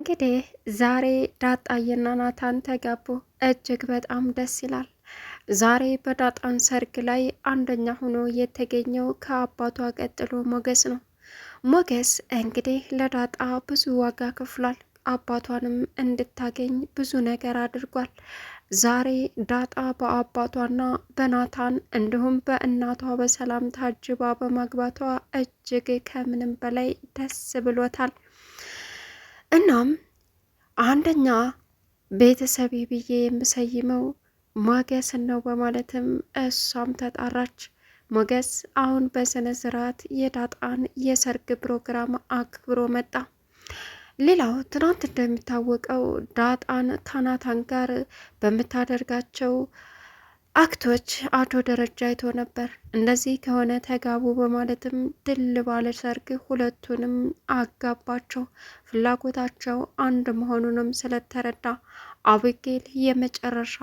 እንግዲህ ዛሬ ዳጣዬና ናታን ተጋቡ። እጅግ በጣም ደስ ይላል። ዛሬ በዳጣን ሰርግ ላይ አንደኛ ሆኖ የተገኘው ከአባቷ ቀጥሎ ሞገስ ነው። ሞገስ እንግዲህ ለዳጣ ብዙ ዋጋ ከፍሏል። አባቷንም እንድታገኝ ብዙ ነገር አድርጓል። ዛሬ ዳጣ በአባቷና በናታን እንዲሁም በእናቷ በሰላም ታጅባ በማግባቷ እጅግ ከምንም በላይ ደስ ብሎታል። እናም አንደኛ ቤተሰብ ብዬ የምሰይመው ሞገስን ነው በማለትም እሷም ተጣራች። ሞገስ አሁን በስነ ስርዓት የዳጣን የሰርግ ፕሮግራም አክብሮ መጣ። ሌላው ትናንት እንደሚታወቀው ዳጣን ከናታን ጋር በምታደርጋቸው አክቶች አቶ ደረጃ አይቶ ነበር። እንደዚህ ከሆነ ተጋቡ በማለትም ድል ባለ ሰርግ ሁለቱንም አጋባቸው። ፍላጎታቸው አንድ መሆኑንም ስለተረዳ አብጌል የመጨረሻ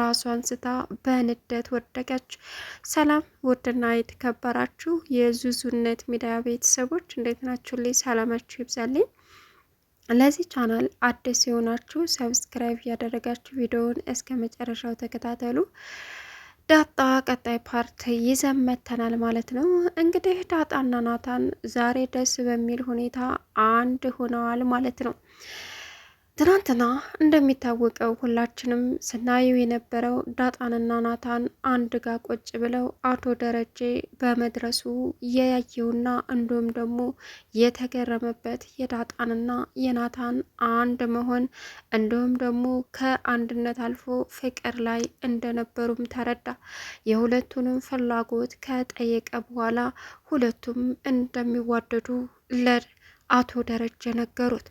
ራሷን ስታ በንደት ወደቀች። ሰላም ውድና የተከበራችሁ የዙዙነት ሚዲያ ቤተሰቦች እንዴት ናችሁ? ላይ ሰላማችሁ ይብዛልኝ። ለዚህ ቻናል አዲስ የሆናችሁ ሰብስክራይብ ያደረጋችሁ ቪዲዮውን እስከ መጨረሻው ተከታተሉ። ዳጣ ቀጣይ ፓርት ይዘመተናል ማለት ነው። እንግዲህ ዳጣና ናታን ዛሬ ደስ በሚል ሁኔታ አንድ ሆነዋል ማለት ነው። ትናንትና እንደሚታወቀው ሁላችንም ስናየው የነበረው ዳጣንና ናታን አንድ ጋ ቆጭ ብለው አቶ ደረጀ በመድረሱ የያየውና እንዲሁም ደግሞ የተገረመበት የዳጣንና የናታን አንድ መሆን እንዲሁም ደግሞ ከአንድነት አልፎ ፍቅር ላይ እንደነበሩም ተረዳ። የሁለቱንም ፍላጎት ከጠየቀ በኋላ ሁለቱም እንደሚዋደዱ ለር አቶ ደረጀ ነገሩት።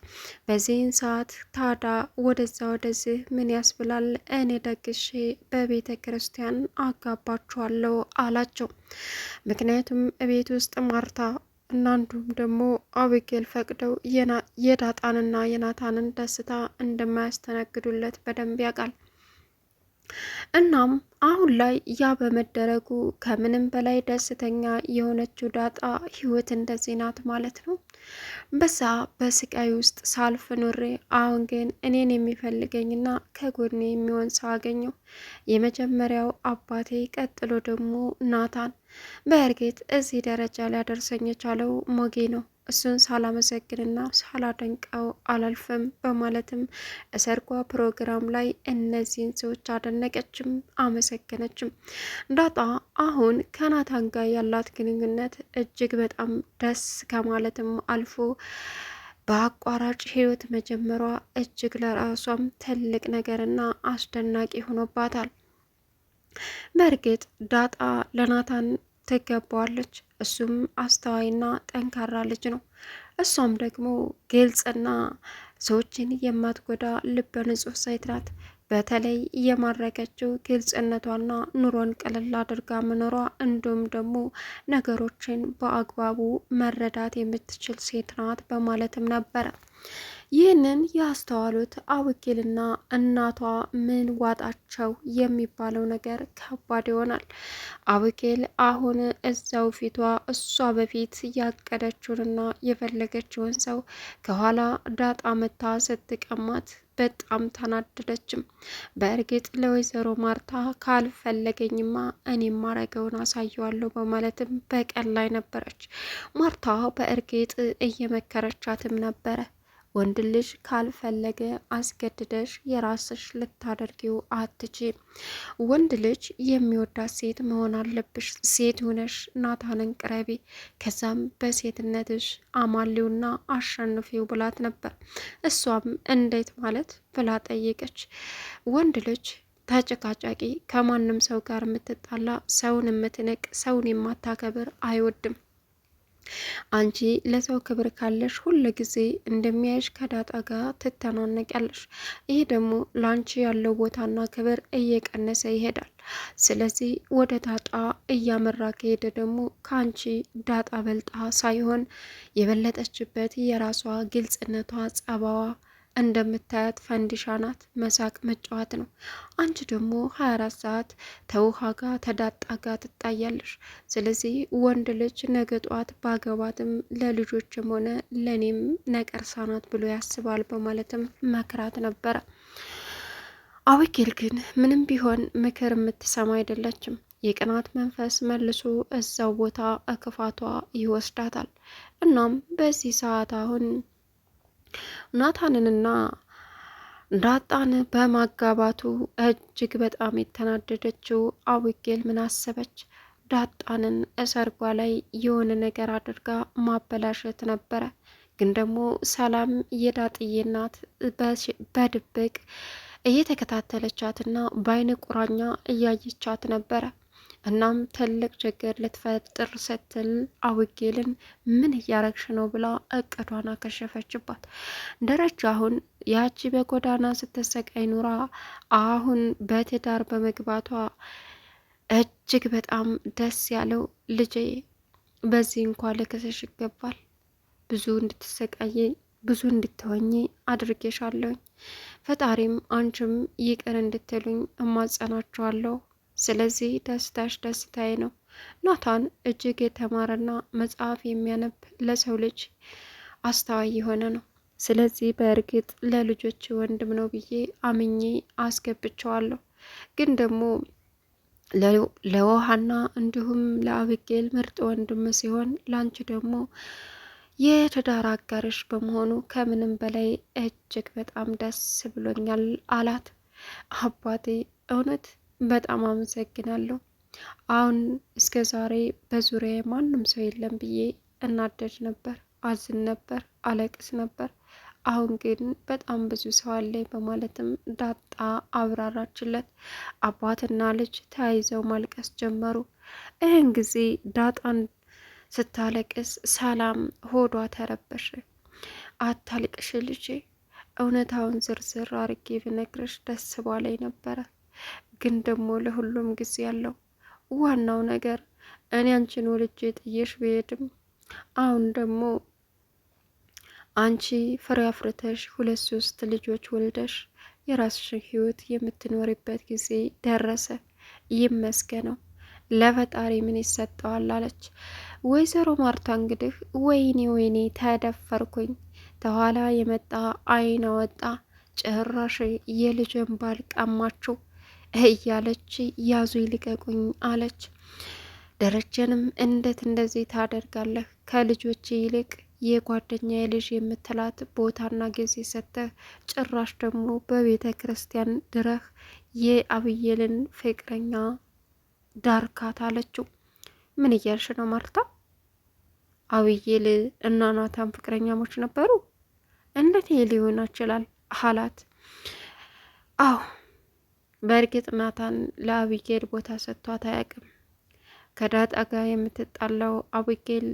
በዚህን ሰዓት ታዳ ወደዛ ወደዚህ ምን ያስብላል፣ እኔ ደግሼ በቤተ ክርስቲያን አጋባችኋለሁ አላቸው። ምክንያቱም ቤት ውስጥ ማርታ እና ደግሞ አብጌል ፈቅደው የዳጣንና የናታንን ደስታ እንደማያስተናግዱለት በደንብ ያውቃል። እናም አሁን ላይ ያ በመደረጉ ከምንም በላይ ደስተኛ የሆነችው ዳጣ ህይወት እንደዚህ ናት ማለት ነው። በዛ በስቃይ ውስጥ ሳልፍ ኑሬ አሁን ግን እኔን የሚፈልገኝና ከጎኔ የሚሆን ሰው አገኘው። የመጀመሪያው አባቴ፣ ቀጥሎ ደግሞ ናታን። በእርግጥ እዚህ ደረጃ ሊያደርሰኝ የቻለው ሞጌ ነው። እሱን ሳላመሰግንና ሳላደንቀው አላልፍም በማለትም እሰርጓ ፕሮግራም ላይ እነዚህን ሰዎች አደነቀችም አመሰገነችም። ዳጣ አሁን ከናታን ጋር ያላት ግንኙነት እጅግ በጣም ደስ ከማለትም አልፎ በአቋራጭ ህይወት መጀመሯ እጅግ ለራሷም ትልቅ ነገርና አስደናቂ ሆኖባታል። በእርግጥ ዳጣ ለናታን ትገባዋለች እሱም አስተዋይና ጠንካራ ልጅ ነው። እሷም ደግሞ ግልጽና ሰዎችን የማትጎዳ ልበ ንጹህ ሴት ናት። በተለይ የማረከችው ግልጽነቷና ኑሮን ቀለል አድርጋ መኖሯ እንዲሁም ደግሞ ነገሮችን በአግባቡ መረዳት የምትችል ሴት ናት በማለትም ነበረ ይህንን ያስተዋሉት አውኪልና እናቷ ምን ዋጣቸው የሚባለው ነገር ከባድ ይሆናል። አውኪል አሁን እዛው ፊቷ እሷ በፊት ያቀደችውንና የፈለገችውን ሰው ከኋላ ዳጣ መታ ስትቀማት በጣም ተናደደችም። በእርግጥ ለወይዘሮ ማርታ ካልፈለገኝማ እኔም ማረገውን አሳየዋለሁ በማለትም በቀል ላይ ነበረች። ማርታ በእርግጥ እየመከረቻትም ነበረ ወንድ ልጅ ካልፈለገ አስገድደሽ የራስሽ ልታደርጊው አትችም። ወንድ ልጅ የሚወዳት ሴት መሆን አለብሽ። ሴት ሆነሽ ናታንን ቅረቢ፣ ከዛም በሴትነትሽ አማሊውና አሸንፊው ብላት ነበር። እሷም እንዴት ማለት ብላ ጠየቀች። ወንድ ልጅ ተጨቃጫቂ፣ ከማንም ሰው ጋር የምትጣላ፣ ሰውን የምትንቅ፣ ሰውን የማታከብር አይወድም። አንቺ ለሰው ክብር ካለሽ ሁለ ጊዜ እንደሚያይሽ ከዳጣ ጋር ትተናነቂያለሽ። ይህ ደግሞ ለአንቺ ያለው ቦታና ክብር እየቀነሰ ይሄዳል። ስለዚህ ወደ ዳጣ እያመራ ከሄደ ደግሞ ከአንቺ ዳጣ በልጣ ሳይሆን የበለጠችበት የራሷ ግልጽነቷ፣ ጸባዋ እንደምታያት ፈንዲሻ ናት። መሳቅ መጫወት ነው። አንቺ ደግሞ 24 ሰዓት ተውሃ ጋር ተዳጣ ጋር ትታያለሽ። ስለዚህ ወንድ ልጅ ነገ ጠዋት ባገባትም ለልጆችም ሆነ ለእኔም ነቀርሳ ናት ብሎ ያስባል በማለትም መክራት ነበረ። አቤጌል ግን ምንም ቢሆን ምክር የምትሰማ አይደለችም። የቅናት መንፈስ መልሶ እዛው ቦታ እክፋቷ ይወስዳታል። እናም በዚህ ሰዓት አሁን ናታንንና ዳጣን በማጋባቱ እጅግ በጣም የተናደደችው አዊጌል ምን አሰበች? ዳጣንን እሰርጓ ላይ የሆነ ነገር አድርጋ ማበላሸት ነበረ። ግን ደግሞ ሰላም የዳጥዬ እናት በድብቅ እየተከታተለቻትና በአይነ ቁራኛ እያየቻት ነበረ። እናም ትልቅ ችግር ልትፈጥር ስትል አውጌልን ምን እያረግሽ ነው ብላ እቅዷን አከሸፈችባት። ደረጃ አሁን ያቺ በጎዳና ስትሰቃይ ኑራ አሁን በትዳር በመግባቷ እጅግ በጣም ደስ ያለው ልጄ፣ በዚህ እንኳ ልክስሽ ይገባል። ብዙ እንድትሰቃይ ብዙ እንድትሆኝ አድርጌሻለሁኝ። ፈጣሪም አንቺም ይቅር እንድትሉኝ እማጸናችኋለሁ ስለዚህ ደስታሽ ደስታዬ ነው። ናታን እጅግ የተማረና መጽሐፍ የሚያነብ ለሰው ልጅ አስተዋይ የሆነ ነው። ስለዚህ በእርግጥ ለልጆች ወንድም ነው ብዬ አምኜ አስገብቸዋለሁ። ግን ደግሞ ለውሃና እንዲሁም ለአብጌል ምርጥ ወንድም ሲሆን ለአንቺ ደግሞ የትዳር አጋርሽ በመሆኑ ከምንም በላይ እጅግ በጣም ደስ ብሎኛል አላት። አባቴ እውነት በጣም አመሰግናለሁ። አሁን እስከ ዛሬ በዙሪያ ማንም ሰው የለም ብዬ እናደድ ነበር፣ አዝን ነበር፣ አለቅስ ነበር። አሁን ግን በጣም ብዙ ሰው አለ በማለትም ዳጣ አብራራችለት። አባትና ልጅ ተያይዘው ማልቀስ ጀመሩ። ይህን ጊዜ ዳጣን ስታለቅስ ሰላም ሆዷ ተረበሸ። አታልቅሽ ልጄ፣ እውነታውን ዝርዝር አርጌ ብነግርሽ ደስ ባላይ ነበረ ግን ደግሞ ለሁሉም ጊዜ ያለው ዋናው ነገር እኔ አንቺን ወልጄ ጥዬሽ ብሄድም አሁን ደግሞ አንቺ ፍሬ አፍርተሽ ሁለት ሶስት ልጆች ወልደሽ የራስሽን ህይወት የምትኖርበት ጊዜ ደረሰ። ይመስገነው ለፈጣሪ ምን ይሰጠዋል አለች ወይዘሮ ማርታ። እንግዲህ ወይኔ ወይኔ ተደፈርኩኝ፣ ተኋላ የመጣ አይን አወጣ፣ ጭራሽ የልጅን ባል ቀማችው እያለች ያዙ ይልቀቁኝ አለች። ደረጀንም እንዴት እንደዚህ ታደርጋለህ? ከልጆች ይልቅ የጓደኛ የልጅ የምትላት ቦታና ጊዜ ሰጥተህ ጭራሽ ደግሞ በቤተ ክርስቲያን ድረህ የአብየልን ፍቅረኛ ዳርካት አለችው። ምን እያልሽ ነው ማርታ? አብየል እና ናታን ፍቅረኛሞች ነበሩ? እንዴት ሊሆን ይችላል? አላት። አዎ በእርግጥ ናታን ለአብጌል ቦታ ሰጥቷት አያውቅም። ከዳጣ ጋር የምትጣላው አብጌል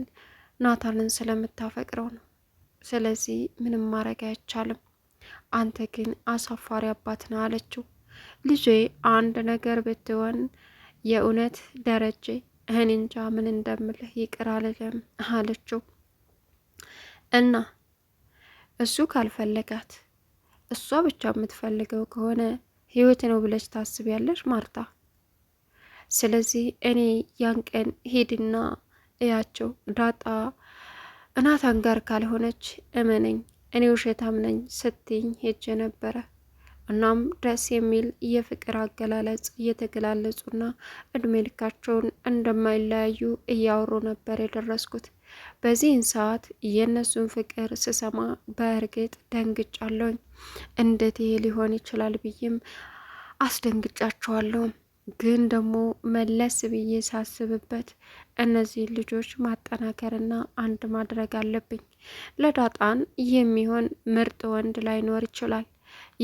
ናታንን ስለምታፈቅረው ነው። ስለዚህ ምንም ማድረግ አይቻልም። አንተ ግን አሳፋሪ አባት ነው አለችው። ልጄ አንድ ነገር ብትሆን የእውነት ደረጀ እህን እንጃ ምን እንደምልህ ይቅር አልልም አለችው። እና እሱ ካልፈለጋት እሷ ብቻ የምትፈልገው ከሆነ ህይወት ነው ብለሽ ታስቢያለሽ ማርታ? ስለዚህ እኔ ያን ቀን ሂድና እያቸው ዳጣ እናታን ጋር ካልሆነች እመነኝ፣ እኔ ውሸታም ነኝ ስትኝ ሄጀ ነበረ። እናም ደስ የሚል የፍቅር አገላለጽ እየተገላለጹና እድሜ ልካቸውን እንደማይለያዩ እያወሩ ነበር የደረስኩት። በዚህን ሰዓት የእነሱን ፍቅር ስሰማ በእርግጥ ደንግጫለሁኝ። እንዴት ይሄ ሊሆን ይችላል ብዬም አስደንግጫቸዋለሁ። ግን ደግሞ መለስ ብዬ ሳስብበት እነዚህን ልጆች ማጠናከርና አንድ ማድረግ አለብኝ። ለዳጣን የሚሆን ምርጥ ወንድ ላይኖር ይችላል።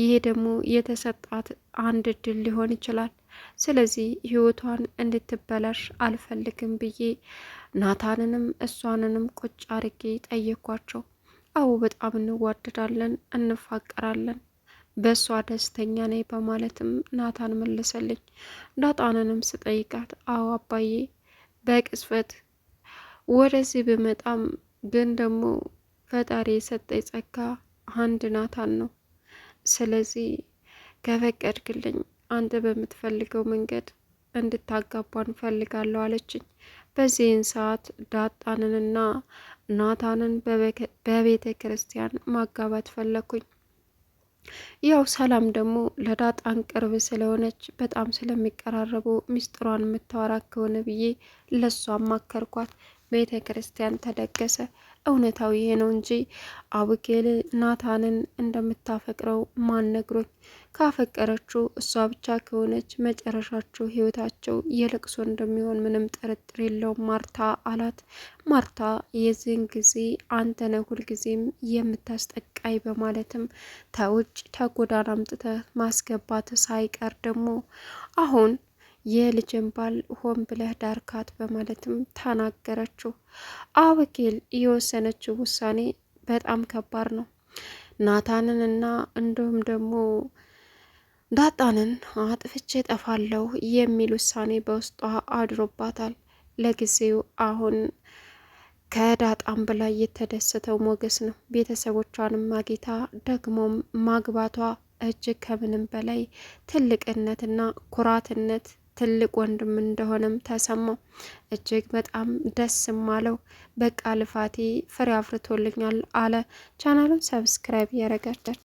ይሄ ደግሞ የተሰጣት አንድ እድል ሊሆን ይችላል። ስለዚህ ህይወቷን እንድትበላሽ አልፈልግም ብዬ ናታንንም እሷንንም ቁጭ አርጌ ጠየኳቸው። አዎ በጣም እንዋደዳለን፣ እንፋቀራለን፣ በእሷ ደስተኛ ነኝ በማለትም ናታን መለሰልኝ። ናታንንም ስጠይቃት አዎ አባዬ በቅጽበት ወደዚህ ብመጣም ግን ደግሞ ፈጣሪ የሰጠኝ ጸጋ አንድ ናታን ነው። ስለዚህ ከፈቀድክልኝ አንተ በምትፈልገው መንገድ እንድታጋባን ፈልጋለሁ አለችኝ። በዚህን ሰዓት ዳጣንንና ናታንን በቤተ ክርስቲያን ማጋባት ፈለኩኝ። ያው ሰላም ደግሞ ለዳጣን ቅርብ ስለሆነች በጣም ስለሚቀራረቡ ሚስጥሯን የምታወራ ከሆነ ብዬ ለሷ ማከርኳት። ቤተ ክርስቲያን ተደገሰ። እውነታው ይሄ ነው እንጂ አብጌል ናታንን እንደምታፈቅረው ማን ነግሮኝ? ካፈቀረችው እሷ ብቻ ከሆነች መጨረሻቸው ህይወታቸው የለቅሶ እንደሚሆን ምንም ጥርጥር የለውም ማርታ አላት። ማርታ የዚህን ጊዜ አንተ ነህ ሁልጊዜም የምታስጠቃይ በማለትም ተውጭ ተጎዳን አምጥተህ ማስገባት ሳይቀር ደግሞ አሁን የልጅን ባል ሆን ብለህ ዳርካት በማለትም ተናገረችው። አበጌል የወሰነችው ውሳኔ በጣም ከባድ ነው። ናታንን እና እንዲሁም ደግሞ ዳጣንን አጥፍቼ ጠፋለሁ የሚል ውሳኔ በውስጧ አድሮባታል። ለጊዜው አሁን ከዳጣም በላይ የተደሰተው ሞገስ ነው። ቤተሰቦቿንም ማግኝታ ደግሞም ማግባቷ እጅግ ከምንም በላይ ትልቅነትና ኩራትነት ትልቅ ወንድም እንደሆነም ተሰማው። እጅግ በጣም ደስም አለው። በቃ ልፋቴ ፍሬ አፍርቶልኛል አለ። ቻናሉን ሰብስክራይብ ያረጋቸው